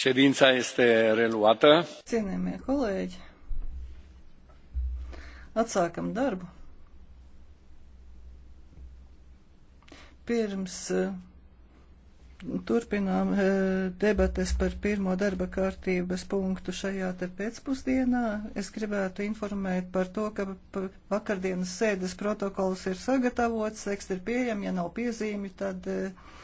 Ședința este reluată. Cienījamie kolēģi, atsākam darbu. Pirms eh, turpinām eh, debates par pirmo darba kārtības punktu šajā te pēcpusdienā, es gribētu informēt par to, ka vakardienas sēdes protokols ir sagatavots, teksts ir pieejams, ja nav piezīmi, tad. Uh,